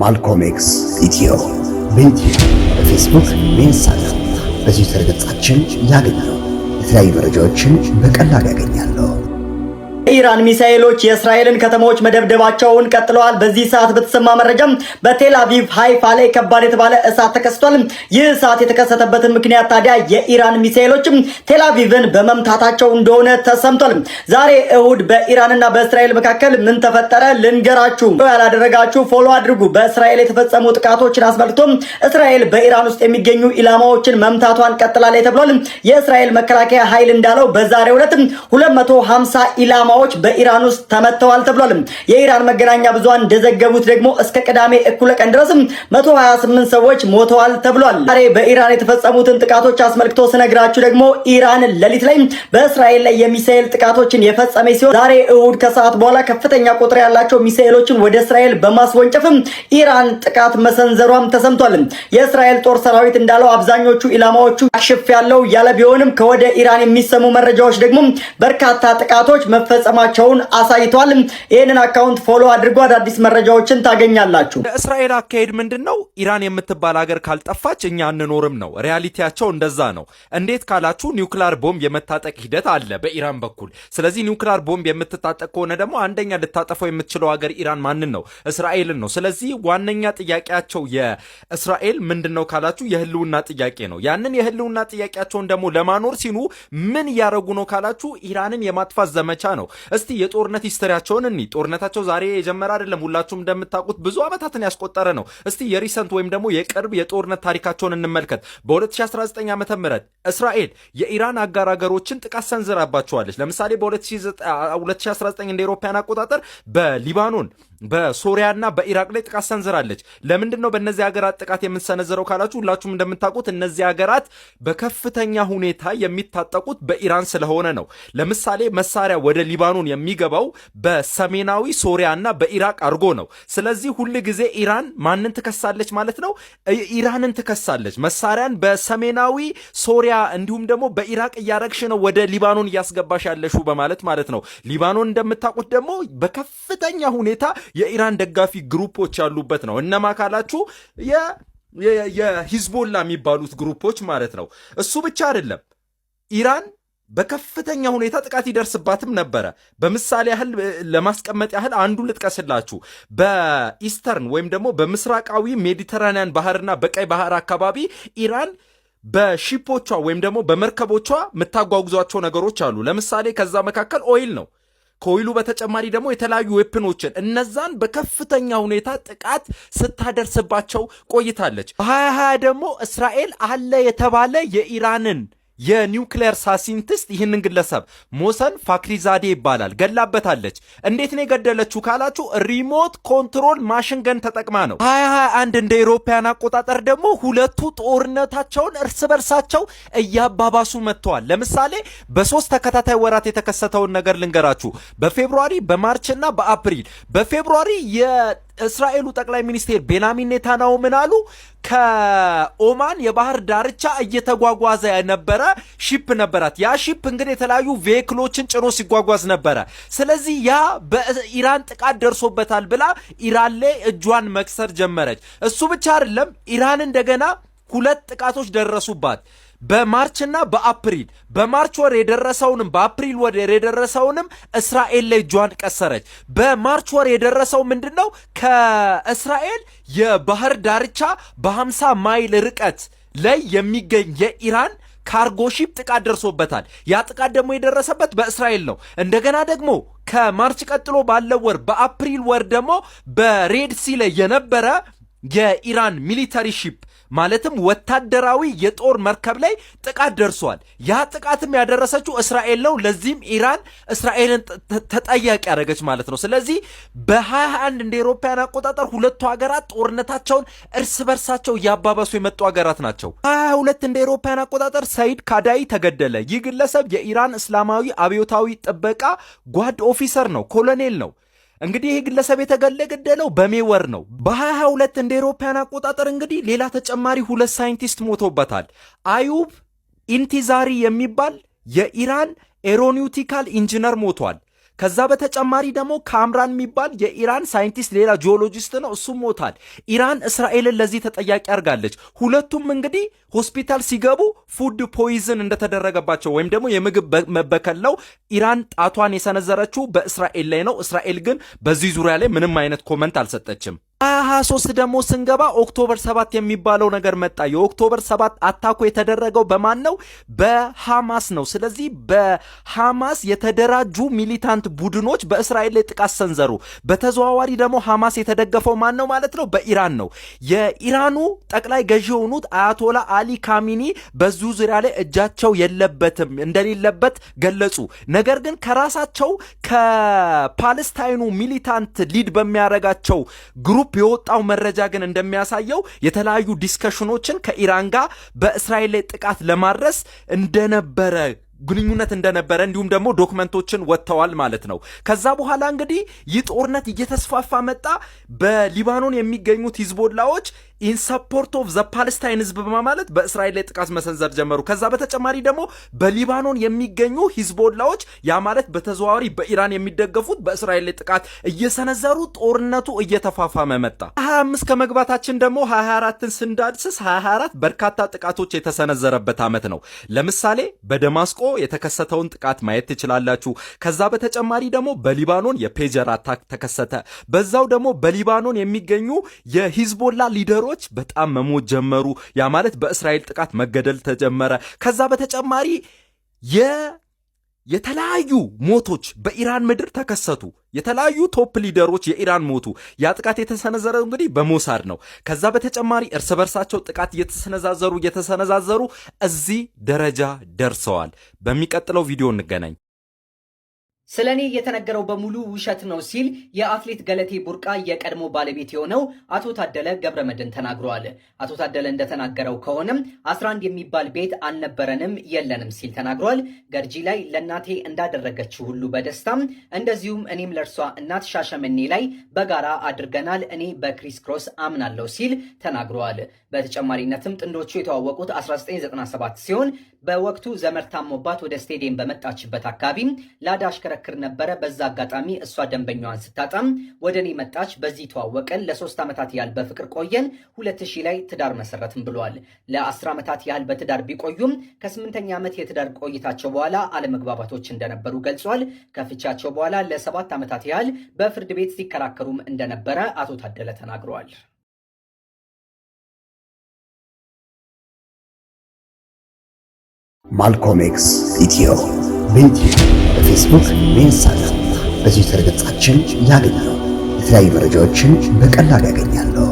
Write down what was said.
ማልኮም ኤክስ ኢትዮ በኢትዮ በፌስቡክ በኢንስታግራም በትዊተር ገጻችን ያገኛሉ። የተለያዩ መረጃዎችን በቀላሉ ያገኛሉ። ኢራን ሚሳኤሎች የእስራኤልን ከተሞች መደብደባቸውን ቀጥለዋል። በዚህ ሰዓት በተሰማ መረጃም በቴል አቪቭ ሃይፋ ላይ ከባድ የተባለ እሳት ተከስቷል። ይህ እሳት የተከሰተበትን ምክንያት ታዲያ የኢራን ሚሳኤሎችም ቴል አቪቭን በመምታታቸው እንደሆነ ተሰምቷል። ዛሬ እሁድ በኢራንና በእስራኤል መካከል ምን ተፈጠረ ልንገራችሁ። ያላደረጋችሁ ፎሎ አድርጉ። በእስራኤል የተፈጸሙ ጥቃቶችን አስመልክቶ እስራኤል በኢራን ውስጥ የሚገኙ ኢላማዎችን መምታቷን ቀጥላለች ተብሏል። የእስራኤል መከላከያ ኃይል እንዳለው በዛሬው ዕለት 250 ኢላማ ኢማማዎች በኢራን ውስጥ ተመተዋል ተብሏል። የኢራን መገናኛ ብዙሃን እንደዘገቡት ደግሞ እስከ ቅዳሜ እኩለ ቀን ድረስም 128 ሰዎች ሞተዋል ተብሏል። ዛሬ በኢራን የተፈጸሙትን ጥቃቶች አስመልክቶ ስነግራችሁ ደግሞ ኢራን ሌሊት ላይ በእስራኤል ላይ የሚሳኤል ጥቃቶችን የፈጸመ ሲሆን ዛሬ እሁድ ከሰዓት በኋላ ከፍተኛ ቁጥር ያላቸው ሚሳኤሎችን ወደ እስራኤል በማስወንጨፍም ኢራን ጥቃት መሰንዘሯም ተሰምቷል። የእስራኤል ጦር ሰራዊት እንዳለው አብዛኞቹ ኢላማዎቹ አክሽፍ ያለው ያለ ቢሆንም ከወደ ኢራን የሚሰሙ መረጃዎች ደግሞ በርካታ ጥቃቶች መፈ መፈጸማቸውን አሳይቷል። ይህንን አካውንት ፎሎ አድርጎ አዳዲስ መረጃዎችን ታገኛላችሁ። የእስራኤል አካሄድ ምንድን ነው? ኢራን የምትባል ሀገር ካልጠፋች እኛ አንኖርም ነው። ሪያሊቲያቸው እንደዛ ነው። እንዴት ካላችሁ ኒውክሊያር ቦምብ የመታጠቅ ሂደት አለ በኢራን በኩል። ስለዚህ ኒውክሊያር ቦምብ የምትታጠቅ ከሆነ ደግሞ አንደኛ ልታጠፈው የምትችለው ሀገር ኢራን ማንን ነው? እስራኤልን ነው። ስለዚህ ዋነኛ ጥያቄያቸው የእስራኤል ምንድን ነው ካላችሁ የህልውና ጥያቄ ነው። ያንን የህልውና ጥያቄያቸውን ደግሞ ለማኖር ሲሉ ምን እያደረጉ ነው ካላችሁ ኢራንን የማጥፋት ዘመቻ ነው። እስቲ የጦርነት ሂስተሪያቸውን እኒ ጦርነታቸው ዛሬ የጀመረ አይደለም። ሁላችሁም እንደምታውቁት ብዙ ዓመታትን ያስቆጠረ ነው። እስቲ የሪሰንት ኢንሲደንት ወይም ደግሞ የቅርብ የጦርነት ታሪካቸውን እንመልከት። በ2019 ዓ ም እስራኤል የኢራን አጋር ጥቃት ሰንዝራባቸዋለች። ለምሳሌ በ2019 እንደ ኤሮፓያን አቆጣጠር በሊባኖን በሶሪያና በኢራቅ ላይ ጥቃት ሰንዝራለች። ለምንድን ነው በእነዚህ ሀገራት ጥቃት የምንሰነዘረው ካላችሁ ሁላችሁም እንደምታውቁት እነዚህ ሀገራት በከፍተኛ ሁኔታ የሚታጠቁት በኢራን ስለሆነ ነው። ለምሳሌ መሳሪያ ወደ ሊባኖን የሚገባው በሰሜናዊ ሶሪያና በኢራቅ አድርጎ ነው። ስለዚህ ሁል ጊዜ ኢራን ማንን ትከሳለች ታደርጋለች ማለት ነው። ኢራንን ትከሳለች። መሳሪያን በሰሜናዊ ሶሪያ እንዲሁም ደግሞ በኢራቅ እያረግሽ ነው ወደ ሊባኖን እያስገባሽ ያለሹ በማለት ማለት ነው። ሊባኖን እንደምታውቁት ደግሞ በከፍተኛ ሁኔታ የኢራን ደጋፊ ግሩፖች ያሉበት ነው። እነማ ካላችሁ የሂዝቦላ የሚባሉት ግሩፖች ማለት ነው። እሱ ብቻ አይደለም ኢራን በከፍተኛ ሁኔታ ጥቃት ይደርስባትም ነበረ። በምሳሌ ያህል ለማስቀመጥ ያህል አንዱ ልጥቀስላችሁ። በኢስተርን ወይም ደግሞ በምስራቃዊ ሜዲተራንያን ባህርና በቀይ ባህር አካባቢ ኢራን በሺፖቿ ወይም ደግሞ በመርከቦቿ የምታጓጉዟቸው ነገሮች አሉ። ለምሳሌ ከዛ መካከል ኦይል ነው። ከኦይሉ በተጨማሪ ደግሞ የተለያዩ ዌፕኖችን እነዛን በከፍተኛ ሁኔታ ጥቃት ስታደርስባቸው ቆይታለች። በሀያ ሀያ ደግሞ እስራኤል አለ የተባለ የኢራንን የኒውክሌር ሳይንቲስት ይህንን ግለሰብ ሞሰን ፋክሪዛዴ ይባላል ገላበታለች። እንዴት ነው የገደለችው ካላችሁ ሪሞት ኮንትሮል ማሽን ገን ተጠቅማ ነው። ሀያ አንድ እንደ ኤሮፓያን አቆጣጠር ደግሞ ሁለቱ ጦርነታቸውን እርስ በርሳቸው እያባባሱ መጥተዋል። ለምሳሌ በሶስት ተከታታይ ወራት የተከሰተውን ነገር ልንገራችሁ። በፌብሩዋሪ በማርች እና በአፕሪል በፌብሩዋሪ የእስራኤሉ ጠቅላይ ሚኒስቴር ቤንያሚን ኔታንያሁ ምን አሉ? ከኦማን የባህር ዳርቻ እየተጓጓዘ ነበረ፣ ሺፕ ነበራት። ያ ሺፕ እንግዲህ የተለያዩ ቬክሎችን ጭኖ ሲጓጓዝ ነበረ። ስለዚህ ያ በኢራን ጥቃት ደርሶበታል ብላ ኢራን ላይ እጇን መክሰር ጀመረች። እሱ ብቻ አይደለም፣ ኢራን እንደገና ሁለት ጥቃቶች ደረሱባት። በማርችና በአፕሪል በማርች ወር የደረሰውንም በአፕሪል ወር የደረሰውንም እስራኤል ላይ እጇን ቀሰረች። በማርች ወር የደረሰው ምንድን ነው? ከእስራኤል የባህር ዳርቻ በ50 ማይል ርቀት ላይ የሚገኝ የኢራን ካርጎ ሺፕ ጥቃት ደርሶበታል። ያ ጥቃት ደግሞ የደረሰበት በእስራኤል ነው። እንደገና ደግሞ ከማርች ቀጥሎ ባለው ወር በአፕሪል ወር ደግሞ በሬድ ሲ ላይ የነበረ የኢራን ሚሊተሪ ሺፕ ማለትም ወታደራዊ የጦር መርከብ ላይ ጥቃት ደርሷል። ያ ጥቃትም ያደረሰችው እስራኤል ነው። ለዚህም ኢራን እስራኤልን ተጠያቂ ያደረገች ማለት ነው። ስለዚህ በ21 እንደ ኤሮፓያን አቆጣጠር ሁለቱ ሀገራት ጦርነታቸውን እርስ በርሳቸው እያባበሱ የመጡ ሀገራት ናቸው። 22 እንደ ኤሮፓያን አቆጣጠር ሰይድ ካዳይ ተገደለ። ይህ ግለሰብ የኢራን እስላማዊ አብዮታዊ ጥበቃ ጓድ ኦፊሰር ነው፣ ኮሎኔል ነው። እንግዲህ ይሄ ግለሰብ የተገደለው በሜ ወር ነው በ 22 እንደ ኤሮፓያን አቆጣጠር። እንግዲህ ሌላ ተጨማሪ ሁለት ሳይንቲስት ሞቶበታል። አዩብ ኢንቲዛሪ የሚባል የኢራን ኤሮኒውቲካል ኢንጂነር ሞቷል። ከዛ በተጨማሪ ደግሞ ካምራን የሚባል የኢራን ሳይንቲስት ሌላ ጂኦሎጂስት ነው፣ እሱም ሞታል። ኢራን እስራኤልን ለዚህ ተጠያቂ አድርጋለች። ሁለቱም እንግዲህ ሆስፒታል ሲገቡ ፉድ ፖይዝን እንደተደረገባቸው ወይም ደግሞ የምግብ መበከል ነው። ኢራን ጣቷን የሰነዘረችው በእስራኤል ላይ ነው። እስራኤል ግን በዚህ ዙሪያ ላይ ምንም አይነት ኮመንት አልሰጠችም። 23 ደግሞ ስንገባ ኦክቶበር 7 የሚባለው ነገር መጣ። የኦክቶበር 7 አታኮ የተደረገው በማን ነው? በሐማስ ነው። ስለዚህ በሐማስ የተደራጁ ሚሊታንት ቡድኖች በእስራኤል ላይ ጥቃት ሰንዘሩ። በተዘዋዋሪ ደግሞ ሐማስ የተደገፈው ማን ነው ማለት ነው? በኢራን ነው። የኢራኑ ጠቅላይ ገዢ የሆኑት አያቶላ አሊ ካሚኒ በዙ ዙሪያ ላይ እጃቸው የለበትም እንደሌለበት ገለጹ። ነገር ግን ከራሳቸው ከፓለስታይኑ ሚሊታንት ሊድ በሚያደርጋቸው ግሩፕ ግሩፕ የወጣው መረጃ ግን እንደሚያሳየው የተለያዩ ዲስከሽኖችን ከኢራን ጋር በእስራኤል ላይ ጥቃት ለማድረስ እንደነበረ ግንኙነት እንደነበረ እንዲሁም ደግሞ ዶክመንቶችን ወጥተዋል ማለት ነው። ከዛ በኋላ እንግዲህ ይህ ጦርነት እየተስፋፋ መጣ። በሊባኖን የሚገኙት ሂዝቦላዎች ኢን ሰፖርት ኦፍ ዘ ፓለስታይን ህዝብ በማለት በእስራኤል ላይ ጥቃት መሰንዘር ጀመሩ። ከዛ በተጨማሪ ደግሞ በሊባኖን የሚገኙ ሂዝቦላዎች ያ ማለት በተዘዋዋሪ በኢራን የሚደገፉት በእስራኤል ላይ ጥቃት እየሰነዘሩ ጦርነቱ እየተፋፋመ መጣ። 25 ከመግባታችን ደግሞ 24ን ስንዳድስስ 24 በርካታ ጥቃቶች የተሰነዘረበት ዓመት ነው። ለምሳሌ በደማስቆ የተከሰተውን ጥቃት ማየት ትችላላችሁ። ከዛ በተጨማሪ ደግሞ በሊባኖን የፔጀር አታክ ተከሰተ። በዛው ደግሞ በሊባኖን የሚገኙ የሂዝቦላ ሊደሮ ሰዎች በጣም መሞት ጀመሩ። ያ ማለት በእስራኤል ጥቃት መገደል ተጀመረ። ከዛ በተጨማሪ የተለያዩ ሞቶች በኢራን ምድር ተከሰቱ። የተለያዩ ቶፕ ሊደሮች የኢራን ሞቱ። ያ ጥቃት የተሰነዘረው እንግዲህ በሞሳድ ነው። ከዛ በተጨማሪ እርስ በርሳቸው ጥቃት እየተሰነዛዘሩ እየተሰነዛዘሩ እዚህ ደረጃ ደርሰዋል። በሚቀጥለው ቪዲዮ እንገናኝ። ስለ እኔ የተነገረው በሙሉ ውሸት ነው ሲል የአትሌት ገለቴ ቡርቃ የቀድሞ ባለቤት የሆነው አቶ ታደለ ገብረመድህን ተናግረዋል። አቶ ታደለ እንደተናገረው ከሆነም 11 የሚባል ቤት አልነበረንም የለንም ሲል ተናግሯል። ገርጂ ላይ ለእናቴ እንዳደረገችው ሁሉ በደስታም እንደዚሁም እኔም ለእርሷ እናት ሻሸመኔ ላይ በጋራ አድርገናል። እኔ በክሪስ ክሮስ አምናለሁ ሲል ተናግረዋል። በተጨማሪነትም ጥንዶቹ የተዋወቁት 1997 ሲሆን በወቅቱ ዘመድ ታሞባት ወደ ስቴዲየም በመጣችበት አካባቢ ላዳ ስትመሰክር ነበረ። በዛ አጋጣሚ እሷ ደንበኛዋን ስታጣም ወደ እኔ መጣች። በዚህ ተዋወቀን። ለሶስት ዓመታት ያህል በፍቅር ቆየን። ሁለት ሺህ ላይ ትዳር መሰረትም ብሏል ለአስር ዓመታት ያህል በትዳር ቢቆዩም ከስምንተኛ ዓመት የትዳር ቆይታቸው በኋላ አለመግባባቶች እንደነበሩ ገልጿል። ከፍቻቸው በኋላ ለሰባት ዓመታት ያህል በፍርድ ቤት ሲከራከሩም እንደነበረ አቶ ታደለ ተናግረዋል። ማልኮም ኤክስ ኢትዮ በዩቲዩብ በፌስቡክ፣ በኢንስታግራም በትዊተር ገጻችን ያገኛሉ። የተለያዩ መረጃዎችን በቀላሉ ያገኛለሁ።